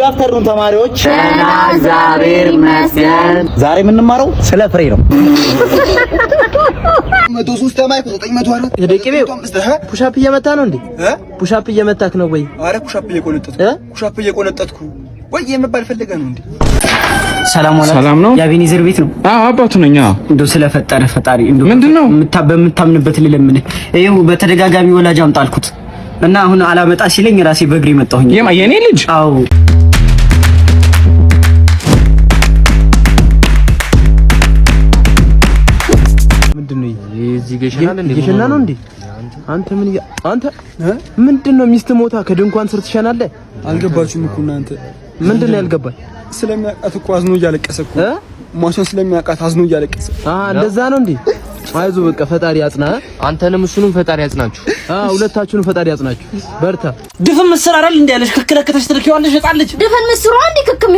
ጉድ አፍተርኑን ተማሪዎች፣ እግዚአብሔር ይመስገን። ዛሬ የምንማረው ስለ ፍሬ ነው። ፑሻፕ እየመታ ነው እንዴ? ፑሻፕ እየመታክ ነው ወይ? አረ ፑሻፕ እየቆነጠጥኩ ወይ የምባል ፈልገ ነው እንዴ? ሰላም ወላሂ፣ ሰላም ነው። የአቤኔዘር ቤት ነው። አዎ አባቱ ነኝ። እንደው ስለፈጠረ ፈጣሪ እንደው ምንድነው ምታ በምታምንበት ልለምንህ። ይኸው በተደጋጋሚ ወላጅ አምጣልኩት እና አሁን አላመጣ ሲለኝ ራሴ በእግሬ መጣሁኝ። የኔ ልጅ አዎ ጌሽና ነው እንዴ? አንተ ምን አንተ ምንድን ነው? ሚስት ሞታ ከድንኳን ስር ትሸናለ አልገባችሁም እኮ እናንተ። ምንድን ነው ያልገባኝ? ስለሚያውቃት እኮ አዝኖ እያለቀሰ እኮ ሟቿን ስለሚያውቃት አዝኖ እያለቀሰ። አዎ እንደዛ ነው እንዴ? አይዞህ በቃ ፈጣሪ ያጽና። አንተንም እሱንም ፈጣሪ ያጽናችሁ። አዎ ሁለታችሁንም ፈጣሪ ያጽናችሁ። በርታ። ድፍን ምስር አይደል እንዴ ያለሽ ትልኪዋለሽ እጣለች። ድፍን ምስሩ ክክም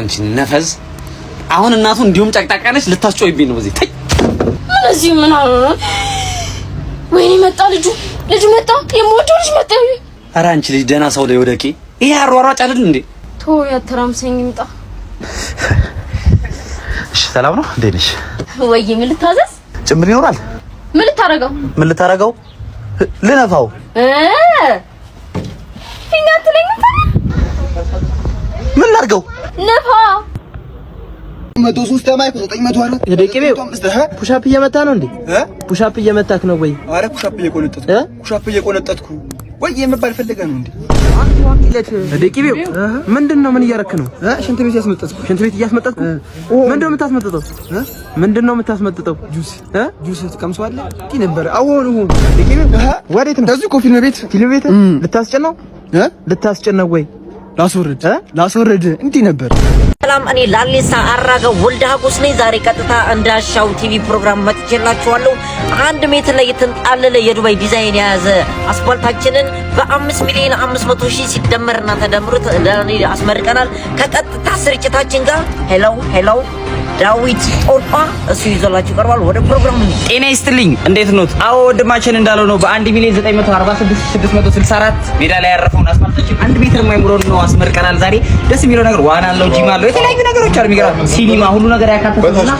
አንቺ ነፈዝ። አሁን እናቱ እንዲሁም ጫቅጣቃ ነች። ልታስጮይብኝ ነው በዚህ እነዚህ ምን ወይኔ መጣ ልጁ ልጁ መጣ፣ የምወደው ልጅ መጣ። ኧረ አንቺ ልጅ ደህና ሰው ላይ ወደቂ። ይሄ አሯሯጭ አይደል እንዴ? ቶ ያተራምሰኝ ይምጣ። እሺ ሰላም ነው፣ እንዴት ነሽ? ወይዬ ምን ልታዘዝ? ጭምብል ይኖራል። ምን ልታረገው? ምን ልታረገው? ልነፋው እ ምን ላድርገው? ነፋ መቶ ሦስት ተማይኩ ዘጠኝ መቶ አራት ወደ ቅቤው ፑሻፕ እየመታ ነው እንዴ? ፑሻፕ እየመታክ ነው ወይ? ኧረ ፑሻፕ እየቆነጠጥኩ ፑሻፕ እየቆነጠጥኩ ወይ የምባል ፈልገህ ነው እንዴ? ወደ ምንድን ነው? ምን እያረክ ነው? ሽንት ቤት እያስመጠጥኩ ሽንት ቤት እያስመጠጥኩ። ምንድን ነው የምታስመጥጠው? ምንድን ነው የምታስመጥጠው? ጁስ ጁስ ትቀምሰዋለህ። እንዲህ ነበር። አሁን አሁን ወዴት ነው? እዚሁ እኮ ፊልም ቤት ፊልም ቤት ልታስጭነው ልታስጭነው ወይ? ላስወርድ ላስወርድ እንዲህ ነበር ሰላም፣ እኔ ላሌሳ አራገ ወልደ ሀጎስ ነኝ። ዛሬ ቀጥታ እንዳሻው ቲቪ ፕሮግራም መጥቼላችኋለሁ። አንድ ሜትር ላይ የተንጣለለ የዱባይ ዲዛይን የያዘ አስፋልታችንን በአምስት ሚሊዮን አምስት መቶ ሺህ ሲደመርና ተደምሩት አስመርቀናል። ከቀጥታ ስርጭታችን ጋር ሄሎ ሄሎ ዳዊት ጦርባ እሱ ይዞላችሁ ቀርቧል። ወደ ፕሮግራሙ። ጤና ይስጥልኝ፣ እንዴት ኖት? አዎ ወንድማችን እንዳለው ነው። በአንድ ሚሊዮን 946664 ሜዳ ላይ ያረፈውን አስፋልታችን አንድ ሜትር የማይሞላውን ነው አስመርቀናል። ዛሬ ደስ የሚለው ነገር ዋና አለው፣ ጂም አለው የተለያዩ ነገሮች አሉ። የሚገርምህ ሲኒማ ሁሉ ነገር ያካተተውና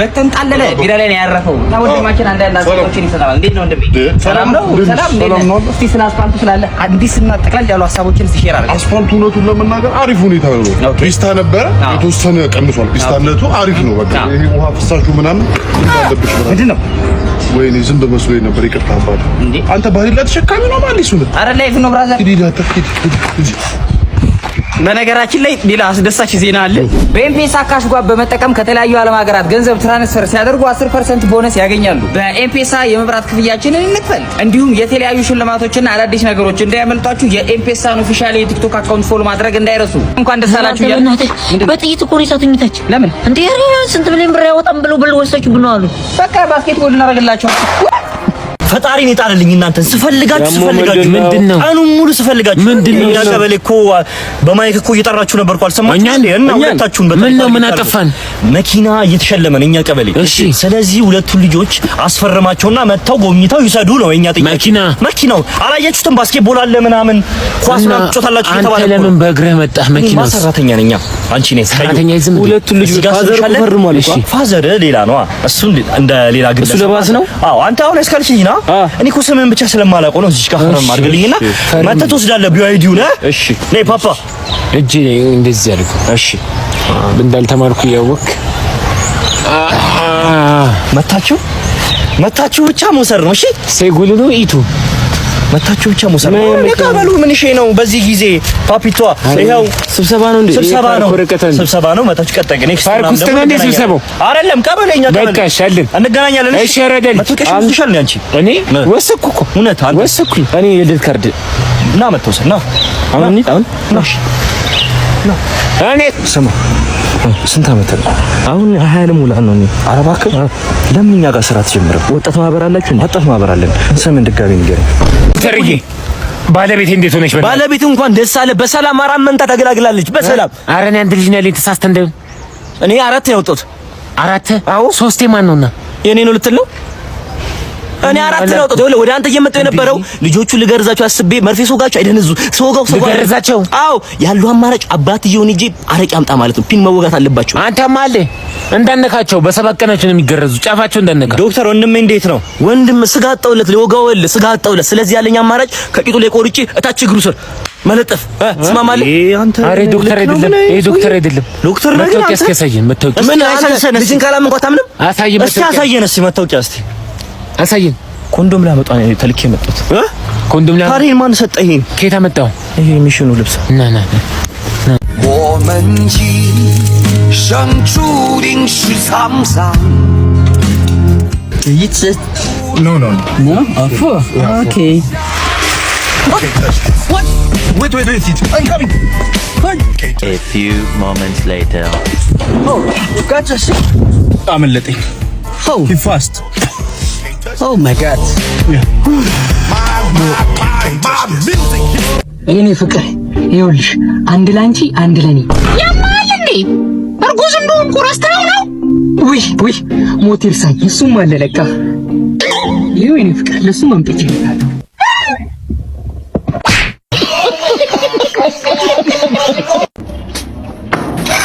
በተንጣለለ ሜዳ ላይ ነው ያረፈው። ወንድማችን አንዳንድ አስተያየቶችን ይሰጣል። አስፋልቱ ሀሳቦችን ሼር አድርግ። እውነቱን ለመናገር አሪፍ ሁኔታ ነው። ፒስታ ነበረ፣ የተወሰነ ቀንሷል። ፒስታነቱ አሪፍ ነው። በቃ ይሄ ውሃ ፍሳሹ ምናምን ወይኔ ዝም በመስሎኝ ነበር። ይቅርታ አባባ። አንተ ባህሪ ላይ ተሸካሚ ነው ማለት ነው። ኧረ ላይፍ ነው ብራዘር በነገራችን ላይ ሌላ አስደሳች ዜና አለ። በኤምፔሳ ካሽ ጓ በመጠቀም ከተለያዩ ዓለም ሀገራት ገንዘብ ትራንስፈር ሲያደርጉ 10% ቦነስ ያገኛሉ። በኤምፔሳ የመብራት ክፍያችንን እንክፈል። እንዲሁም የተለያዩ ሽልማቶችና አዳዲስ ነገሮች እንዳያመልጧችሁ የኤምፔሳን ኦፊሻል የቲክቶክ አካውንት ፎሎ ማድረግ እንዳይረሱ። እንኳን ደስ አላችሁ። በጥይት እኮ ነው የሳቱኝታች። ለምን እንዴ? ያሪ ስንት ሚሊዮን ብር ያወጣም ብሎ ብሎ ወሰች ብነው አሉ። በቃ ባስኬትቦል እናደርግላቸው ፈጣሪን የጣለልኝ እናንተን ስፈልጋችሁ ስፈልጋችሁ ምንድነው ቀኑን ሙሉ ስፈልጋችሁ ምንድነው? እኛ ቀበሌ እኮ በማይክ እኮ እየጠራችሁ ነበርኩ አልሰማችሁ እንዴ? እና ሁለታችሁን በጣም ምን ምን አጠፋን? መኪና እየተሸለመ ነው እኛ ቀበሌ። እሺ፣ ስለዚህ ሁለቱን ልጆች አስፈረማቸውና መጥተው ጎብኝተው ይሰዱ ነው እኛ ጥያቄ። መኪና መኪናው አላያችሁትም? ባስኬትቦል አለ ምናምን ኳስ ምናምን ጮታላችሁ የተባለ አንተ ለምን በእግርህ መጣህ? መኪናው ሰራተኛ ነኝ አንቺ ነኝ ሰራተኛ ይዝም ሁለቱን ልጆች ፋዘር ፈርሟል። እሺ፣ ፋዘር ሌላ ነው እሱ እንደ ሌላ ግለሰብ እሱ ለባስ ነው። አዎ አንተ አሁን እስካልሽኝ ነው እኔ እኮ ስምህን ብቻ ስለማላውቀው ነው። እዚህ ጋር ፈረም አድርግልኝና መተህ ትወስዳለህ። ቢዋይዲው ነህ። እሺ ነይ ፓፓ እጄ ላይ እንደዚህ አድርገው። እሺ እንዳልተማርኩ እያወቅህ መታችሁ መታችሁ ብቻ መውሰድ ነው። እሺ ሴጉል ነው ኢቱ መታችሁ ብቻ ሙሰራ ለቀበሉ ምን እሺ ነው? በዚህ ጊዜ ፓፒቷ ይኸው ስብሰባ ነው እንዴ? ስብሰባ ነው፣ ስብሰባ ነው። መታችሁ ቀጠቅ ኔክስት ፓርክ ውስጥ ነው እንዴ ስብሰባው? አይደለም ቀበለኛ ቀበለ በቃ ሻልን እንገናኛለን። እሺ ረደል መጥቅሽ ምትሻል ነው አንቺ እኔ ወሰኩ እኮ እውነት አንተ ወሰኩኝ። እኔ የልደት ካርድ እና መተውሰና አሁን አሁን እሺ ና እኔ ስማ ስንት አመት ነው አሁን? ሀያ ልሙላ ነው እኔ። ኧረ እባክህ ለምን እኛ ጋር ስራ ትጀምርም? ወጣት ማህበር አላችሁ? ወጣት ማህበር አለን። ስም ድጋሚ ንገረኝ። ተርዬ ባለቤት እንዴት ሆነች? ባለቤት እንኳን ደስ አለ። በሰላም አራት መንታ ተገላግላለች። በሰላም ኧረ እኔ አንድ ልጅ ነው ያለኝ። ተሳስተህ እንደው እኔ አራት ነው ያወጣሁት። አራት? አዎ ሶስቴ ማን ነውና የኔ ነው ልትል ነው እኔ አራት ነው ወጥቶ ወደ አንተ እየመጣሁ የነበረው ልጆቹ ልገርዛቸው አስቤ መርፌ ሰውጋቸው አይደንዙ ሰውጋው ሰውጋው ልገርዛቸው። አዎ ያሉ አማራጭ አባትየውን ሂጅ አረቂ አምጣ ማለት ነው። ፒን መወጋት አለባቸው። አንተማ አለ እንደነካቸው በሰባት ቀናቸው ነው የሚገረዙ። ጫፋቸው እንደነካ። ዶክተር ወንድሜ እንዴት ነው ወንድም? ስጋ አጣውለት ልወጋውልህ፣ ስጋ አጣውለት። ስለዚህ ያለኝ አማራጭ ከቂጡ ላይ ቆርጬ እታች እግሩ ስር መለጠፍ ስማማለህ። አረ ዶክተር አይደለም፣ ይሄ ዶክተር አይደለም። ዶክተር ነገር አንተ መታወቂያ ምን አይሰነሰነ ልጅን ካላመንኳት አምንም አሳየን። እስኪ አሳየን እስኪ መታወቂያ አሳየን። ኮንዶም ላመጣ ነው ተልኬ የመጣሁት ኮንዶም ላ ታሪን ማን ሰጠህ? ይሄን ከየት አመጣኸው? ይሄ የሚሽኑ ልብስ ና ና ወመንጂ ሸምቹ ዲንሽ ሳምሳ ይትስ ኖ ኖ ኖ አፎ ኦኬ Wait, wait, wait, I'm coming. A few moments later. Oh, you got አመለጠኝ. He fast. Oh የኔ ፍቅር ይኸውልሽ፣ አንድ ላንቺ አንድ ለኔ። ያማል እንዴ እርጉዝ እንደሆንኩ ረስተኸው ነው? ውይ ውይ፣ እሱም አለ ይኸው የኔ ፍቅር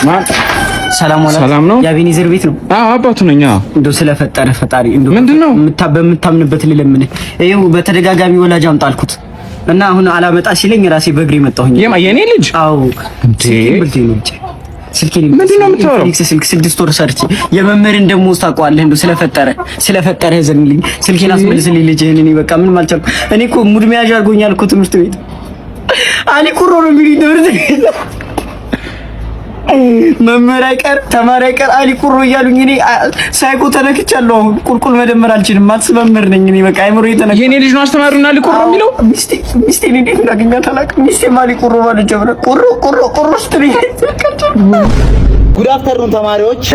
ማን ሰላም ሰላም ነው። የአቤኔዘር ቤት ነው። አዎ አባቱ ነኝ። እንደው ስለፈጠረ ፈጣሪ እንደው ምንድነው ምታ በምታምንበት ልለምን። ይኸው በተደጋጋሚ ወላጅ አምጣልኩት እና አሁን አላመጣ ሲለኝ ራሴ በእግሬ መጣሁኝ። የማ የኔ ልጅ አዎ ስልኬን ምንድነው የምታወራው? ስልክ ስድስት ወር ሰርቼ የመምህርን ደሞዝ ታውቀዋለህ። እንደው ስለፈጠረ ስለፈጠረ ዘንልኝ ስልኬን አስመልስልኝ ልጅ። እኔ በቃ ምንም አልቻልኩም። እኔ እኮ ሙድ መያዣ አድርጎኛል እኮ ትምህርት ቤት አሊ ኩሮ ነው የሚሉኝ ትምህርት ቤት መምህር አይቀር ተማሪ አይቀር አሊ ቁሮ እያሉኝ እኔ ሳይኮ ተነክቻለሁ። አሁን ቁልቁል መደመር አልችልም። ማትስ መምህር ነኝ እኔ በቃ አይምሮ የተነካ የኔ ልጅ ነው አስተማሪና አሊ ቁሮ የሚለው ሚስቴ ሚስቴ እኔ እንዴት እንዳገኛት አላውቅም። ሚስቴም አሊ ቁሮ ማለት ጀምረ ቁሮ ቁሮ ቁሮ ስትለኝ ጉድ አፍተርኑን ተማሪዎች፣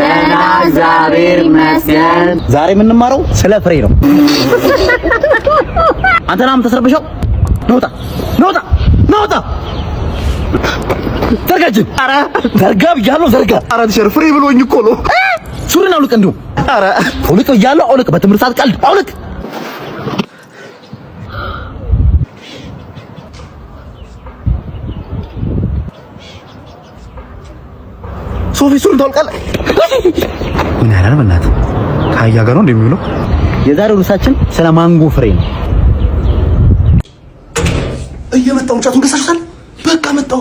እግዚአብሔር ይመስገን። ዛሬ የምንማረው ስለ ፍሬ ነው። አንተናም ተሰርብሻው ነውጣ ነውጣ ነውጣ ዘርጋጅን ኧረ ዘርጋ ብያለሁ። ዘርጋ ኧረ ትሸር ፍሬ ብሎኝ እኮ ነው። ሱሪን አውልቅ፣ እንዲሁ ኧረ አውልቅ ብያለሁ። አውልቅ፣ በትምህርት ሰዓት ቀልድ አውልቅ። ሶፊ ሱሪን ታውልቃለህ። ምን ያህል በእናትህ ከአህያ ጋር ነው እንደሚውለው። የዛሬው ርዕሳችን ስለ ማንጎ ፍሬ ነው። እየመጣሁ ጫቱን ገሳሽታል። በቃ መጣሁ።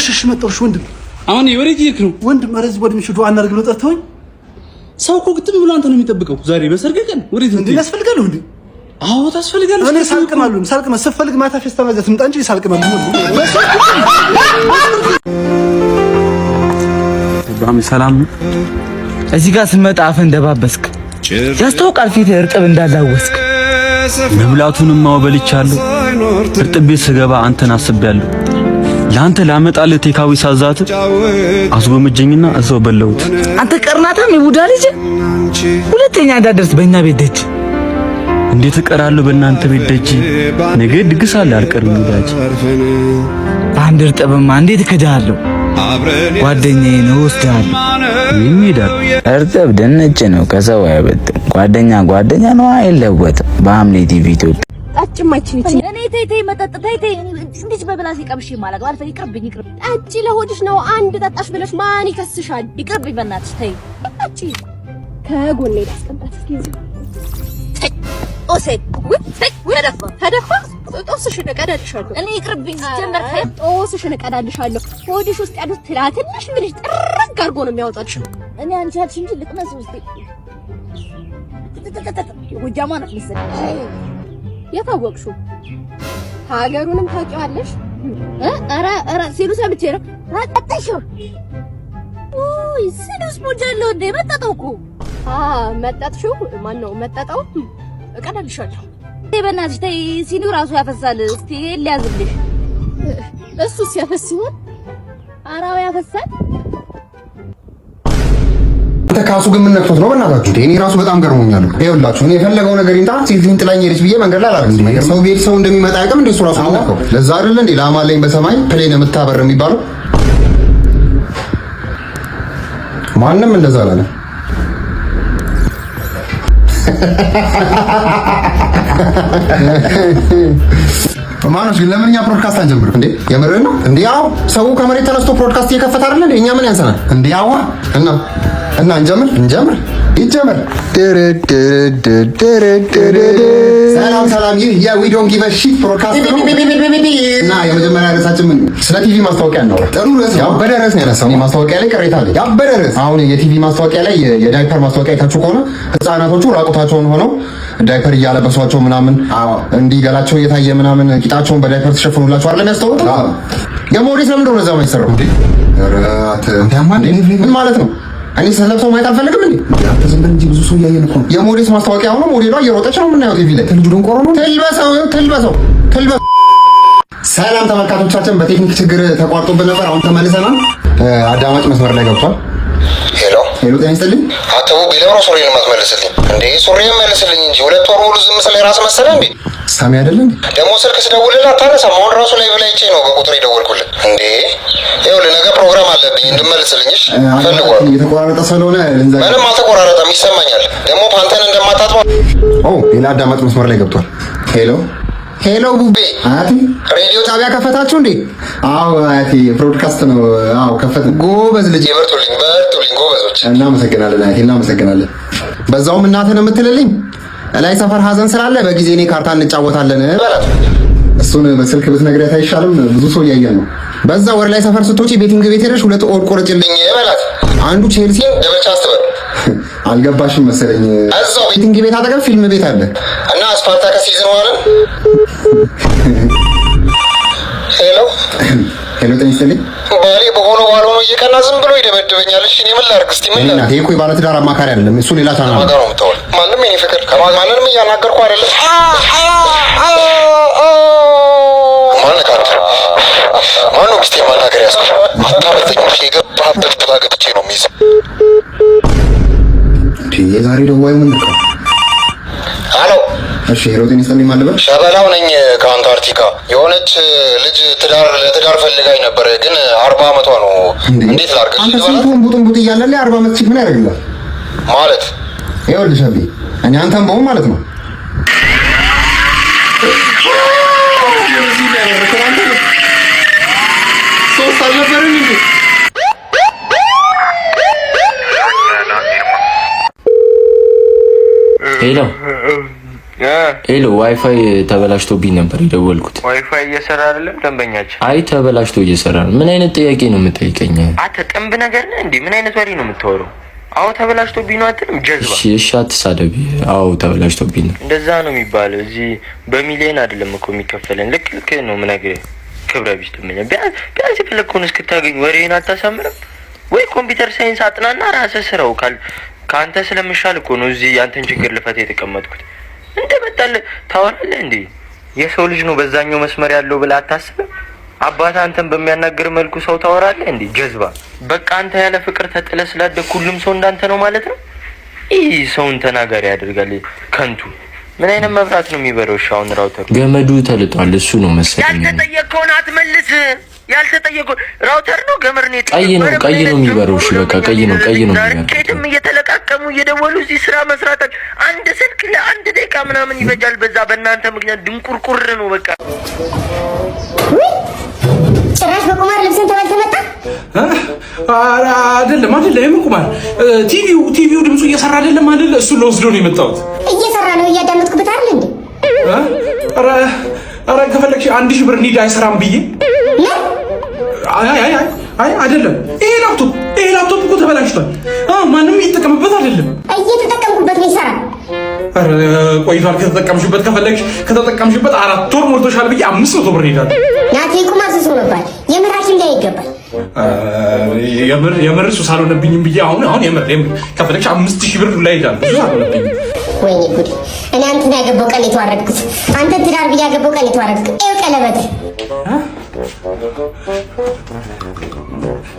እሺ፣ እሺ፣ መጣሁሽ ወንድም። አሁን የወሬ ጊዜክ ነው ወንድም። ኧረ እዚህ ወንድምሽ ዱዐ እናድርግ ብለው ጠርተውኝ፣ ሰው እኮ ግጥም ብሎ አንተ ነው የሚጠብቀው ዛሬ በሰርግ ቀን። ወዴት እንዴ? ያስፈልጋል እንዴ? አዎ ታስፈልጋለህ። እኔ ሳልቅ ማሉን ሳልቅ ስትፈልግ ማታ ፌስታ ማዘት ትምጣ እንጂ ሳልቅ ማሉን ባሚ ሰላም። እዚህ ጋር ስመጣ አፈ እንደባበስክ ያስታውቃል፣ ፊት እርጥብ እንዳላወስክ መብላቱንም ማወበልቻለሁ። እርጥብ ቤት ስገባ አንተን አስቤያለሁ። ለአንተ ላመጣልህ ቴካዊ ሳዛት አስጎመጀኝና እዛው በለውት። አንተ ቀርናታም የቡዳ ልጅ ሁለተኛ እንዳደርስ በእኛ ቤት ደጅ እንዴት እቀራለሁ? በእናንተ ቤት ደጅ ነገ ድግስ አለ አልቀርም። ይላጭ አንድ እርጥብማ እንዴት እክድሃለሁ? ጓደኛዬ ነው ወስደሃል። ይሄዳል እርጥብ ድንች ነው ከሰው አይበልጥም። ጓደኛ ጓደኛ ነው አይለወጥም። በሐምሌ ቲቪ ኢትዮጵያ ጭማችን ይቺ እኔ ተይ ተይ መጠጥ ተይ ተይ እንዴት በብላስ ይቀብሽ ማለት ማለት ይቅርብኝ፣ ይቅርብ ጠጪ ለሆድሽ ነው። አንድ ጠጣሽ ብለሽ ማን ይከስሻል? ይቅርብኝ በእናትሽ ተይ። ጠጪ ከጎኔ ላስቀምጣት እስኪ ኦሴ ተደፋ ተደፋ ጦስሽን እቀዳልሻለሁ እኔ ይቅርብኝ። ጀመር ጦስሽን እቀዳልሻለሁ። ሆድሽ ውስጥ ያሉት ትላትልሽ ምልሽ ጥርግ አድርጎ ነው የሚያወጣልሽ። እኔ አንቺ ያልሽ እንጂ ልቅመስ ውስጥ ጎጃማ ናት መሰለኝ የታወቅሹ ሀገሩንም ታውቂዋለሽ እ ኧረ ኧረ ሲሉ ሰምቼ ነው ረጠጥሽው ኦይ ሲሉስ ሞጃሎ እንደ መጠጠው እኮ አ መጠጥሽው ማን ነው መጠጠው እቀዳልሻለሁ እንዴ በእናትሽ ተይ ሲሉ ራሱ ያፈሳል እስቲ ሊያዝልሽ እሱ ሲያፈስ ሲሆን አራው ያፈሳል ተካሱ ካሱ ግን የምነክቱት ነው። በእናታችሁ እኔ ራሱ በጣም ገርሞኛል። ይኸውላችሁ እኔ የፈለገው ነገር ይምጣ ሲቪን ጥላኝ ሄደች ብዬ መንገድ ላይ አላደርግም። ሰው ቤት ሰው እንደሚመጣ አያውቅም። እንደሱ ራሱ ነው። ለዛ አይደለ እንዴ ላማለኝ በሰማይ ፕሌን የምታበር የሚባለው ማንም እንደዛ አላለ። ማኖች ግን ለምን እኛ ፕሮድካስት አንጀምር እንዴ? የምርህ ነው እንዴ? አዎ ሰው ከመሬት ተነስቶ ፕሮድካስት እየከፈተ እንዴ? እኛ ምን ያንሰናል እንዴ? አዋ እና እና እንጀምር እንጀምር ይጀምር። ሰላም ሰላም፣ ይህ የዊ ዶንት ጊቭ አ ሺት ፕሮካስት እና የመጀመሪያ ርዕሳችን ምን ስለ ቲቪ ማስታወቂያ ነው። ጥሩ ርዕስ ነው። ያበደ ርዕስ ነው ያነሳው። ማስታወቂያ ላይ ቅሬታ አለ። ያበደ ርዕስ። አሁን የቲቪ ማስታወቂያ ላይ የዳይፐር ማስታወቂያ አይታችሁ ከሆነ ህፃናቶቹ ራቁታቸውን ሆነው ዳይፐር እያለበሷቸው ምናምን ገላቸው እየታየ ምናምን ቂጣቸውን በዳይፐር ተሸፍኑላቸው አይደለም ያስተውቁ የሞዴስ ለምን እንደሆነ እዛ ማይሰራው ምን ማለት ነው? እኔ ስለብሰው ማየት አልፈልግም እንዴ? ዝም በል እንጂ ብዙ ሰው እያየን ነው። የሞዴስ ማስታወቂያ ሆኖ ሞዴሏ እየሮጠች ነው የምናየው ቲቪ ላይ። ልጁ ደንቆሮ ነው። ትልበሰው ትልበሰው ትልበሰው። ሰላም ተመልካቾቻችን፣ በቴክኒክ ችግር ተቋርጦብን ነበር። አሁን ተመልሰናል። አዳማጭ መስመር ላይ ገብቷል። ሄሎ ጤና ይስጥልኝ። አተቡ ቢለው ነው ሱሪ የማትመልስልኝ እንዴ? ሱሪ መልስልኝ እንጂ ሁለት ወር ሙሉ ዝም ስለ ራስ መሰለ እንዴ? ሳሚ አይደለም ደግሞ ስልክ ስደውልልህ አታነሳም። አሁን ራሱ ላይ ብላይ ቼ ነው በቁጥር የደወልኩልህ እንዴ? ይኸውልህ ነገ ፕሮግራም አለብኝ እንድመልስልኝሽ ፈልጓል። የተቆራረጠ ስለሆነ ልንዘጋ። ምንም አልተቆራረጠም ይሰማኛል። ደግሞ ፓንተን እንደማታጥበው ሌላ አዳማጭ መስመር ላይ ገብቷል። ሄሎ ሄሎ ቡቤ፣ አያቴ ሬዲዮ ጣቢያ ከፈታችሁ እንዴ? አዎ አያቴ፣ ብሮድካስት ነው። አዎ ከፈትን። ጎበዝ ልጅ፣ በርቱልኝ፣ በርቱልኝ ጎበዞች። እናመሰግናለን አያቴ፣ እናመሰግናለን። በዛውም እናትህ ነው የምትልልኝ። እላይ ሰፈር ሀዘን ስላለ በጊዜ እኔ ካርታ እንጫወታለን። እሱን በስልክ ብትነግሪያት አይሻልም? ብዙ ሰው እያየን ነው። በዛ ወር ላይ ሰፈር ስትወጪ ቤቲንግ ቤት ሄደሽ ሁለት ኦድ ቆርጭልኝ በላት። አንዱ ቼልሲ ደበልቻ አስበል አልገባሽም መሰለኝ። ፊቲንግ ቤት አጠገብ ፊልም ቤት አለ እና ስፓርታከስ ይዘው አለ። ሄሎ ሄሎ፣ ጤና ይስጥልኝ። ባሌ በሆነ ነው እየቀና ዝም ብሎ ይደበድበኛል። እሺ እኔ ምን ላድርግ? እስቲ ምን ላድርግ? ይሄ እኮ የባለ ትዳር አማካሪ አይደለም እሱ ሌላ ታና ነው። ማንም የእኔ ፍቅር ማንንም እያናገርኩ አይደለም። ማነካ ማነው ሚስቴ ማናገር ያስኩ አታበተኝ። የገባህበት ቦታ ገብቼ ነው የሚይዘው የዛሬ ደዋይ ምን ነው? አሎ፣ እሺ፣ ሮቲን ይስልኝ ማለት ነው። ሸበላው ነኝ ከአንታርክቲካ። የሆነች ልጅ ትዳር ለትዳር ፈልጋኝ ነበር፣ ግን አርባ አመቷ ነው። እንዴት ላርገ? አንተ ስንቱን ቡጡን ቡጥ እያለ አርባ አመት ምን ያደርግልሃል? ማለት ይኸውልሽ፣ አቢ እኔ አንተም በሆን ማለት ነው ሶስት አልነበረም እንዴ ሄሎ ሄሎ፣ ዋይፋይ ተበላሽቶብኝ ነበር የደወልኩት። ዋይፋይ እየሰራ አይደለም ደንበኛችን። አይ ተበላሽቶ እየሰራ ነው። ምን አይነት ጥያቄ ነው የምጠይቀኝ? አንተ ጥንብ ነገር ነህ እንዴ? ምን አይነት ወሬ ነው የምታወራው? አዎ ተበላሽቶብኝ ነው አትልም? ጀዝባ። እሺ እሺ፣ አትሳደብ። አዎ ተበላሽቶብኝ ነው። እንደዛ ነው የሚባለው። እዚህ በሚሊዮን አይደለም እኮ የሚከፈለን። ልክ ልክ ነው የምነግርህ። ክብረ ቢስ ጥምኛ። ቢያንስ የፈለግከውን እስክታገኝ ወሬህን አታሳምርም ወይ? ኮምፒውተር ሳይንስ አጥናና ራስህ ስራው ካል ከአንተ ስለምሻል እኮ ነው እዚህ ያንተን ችግር ልፈት የተቀመጥኩት። እንተ መጣለ ታወራለህ እንዴ? የሰው ልጅ ነው በዛኛው መስመር ያለው ብለህ አታስብም? አባት አንተን በሚያናግር መልኩ ሰው ታወራለህ እንዴ? ጀዝባ በቃ አንተ ያለ ፍቅር ተጥለ ስላደግህ ሁሉም ሰው እንዳንተ ነው ማለት ነው። ይህ ሰውን ተናጋሪ ያደርጋል። ከንቱ ምን አይነት መብራት ነው የሚበረው? ሻውን ራውተር ገመዱ ተልጧል። እሱ ነው መሰለኝ። ያልተጠየቅከውን አትመልስ። ያልተጠየቁ ራውተር ነው ገመር ነው። ቀይ ነው ቀይ ነው የሚበረው። እሺ በቃ ቀይ ነው ቀይ ነው ኬትም እየተለቃቀሙ እየደወሉ እዚህ ስራ መስራት አንድ ስልክ ለአንድ ደቂቃ ምናምን ይበጃል። በዛ በእናንተ ምክንያት ድንቁርቁር ነው በቃ። ጭራሽ በቁማር ልብስን አይደለም አይደለም፣ የምን ቁማር? ቲቪው ቲቪው ድምፁ እየሰራ አይደለም አይደለ? እሱን ለወስዶ ነው የመጣሁት። እየሰራ ነው እንዴ? ኧረ ከፈለግሽ አንድ ሺህ ብር ኒድ አይሰራም ብዬ አይ አይ አይ አይደለም። ይሄ ላፕቶፕ ይሄ ላፕቶፕ እኮ ተበላሽቷል። ማንም እየተጠቀምበት አይደለም። እየተጠቀምኩበት ነው ይሰራል። ኧረ ቆይቷል ከተጠቀምሽበት። ከፈለግሽ ከተጠቀምሽበት አራት ወር ሞልቶሻል ብዬ አምስት መቶ ብር ሄዳል። ናቴ ቁማ ስሱ ነበር የምራሽ ላይ ይገባል የምር ሱስ አልሆነብኝም ብዬ አሁን አሁን የምር ከፈለግሽ አምስት ሺህ ብር ላይ ሄዳል። ብዙ ሳልሆነብኝ ወይኔ ጉድ! እኔ አንተን ያገባው ቀን የተዋረድኩት አንተ ትዳር ብዬ ያገባው ቀን የተዋረድኩት ይኸው ቀለበት።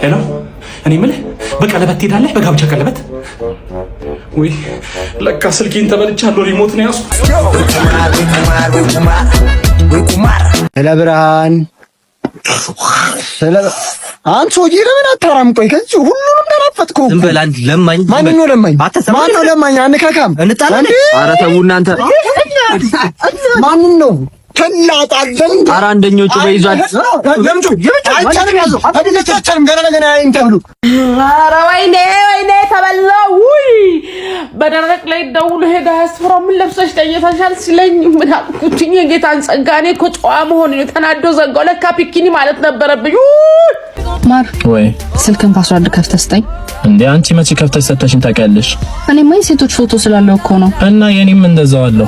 ሄሎ፣ እኔ የምልህ በቀለበት ትሄዳለህ? በጋብቻ ቀለበት? ወይ ለካ ስልኬን ተበልቻለሁ። ሪሞት ነው ያዝኩት። ስለ ብርሃን አንተ ሰውዬ ለምን አታራም? ቆይ ከዚህ ሁሉንም ተናፈጥኩ። ዝም በል አንድ ለማኝ። ማን ነው ለማኝ? ማን ነው ለማኝ? አንካካም። እንጣላ። ኧረ ተው እናንተ። ማን ነው ትላጣለን። ኧረ አንደኛው ጩቤ ይዟል። ኧረ ወይኔ ወይኔ ተበላው። ውይ በደረቅ ላይ ደውሎ ሄደ ያስፈራ። ምን ለብሰሽ ጠይፈሻል ሲለኝ ምን አልኩት? የጌታን ጸጋ እኔ እኮ ጨዋ መሆን ተናዶ ዘጋው። ለካ ፒኪኒ ማለት ነበረብኝ። ማር ወይ ስልክን ፓስወርድ ከፍተህ ስጠኝ። እንዴ አንቺ መቼ ከፍተሽ ሰጥተሽኝ ታውቂያለሽ? እኔማ የሴቶች ፎቶ ስላለው እኮ ነው። እና የኔም እንደዛው አለው።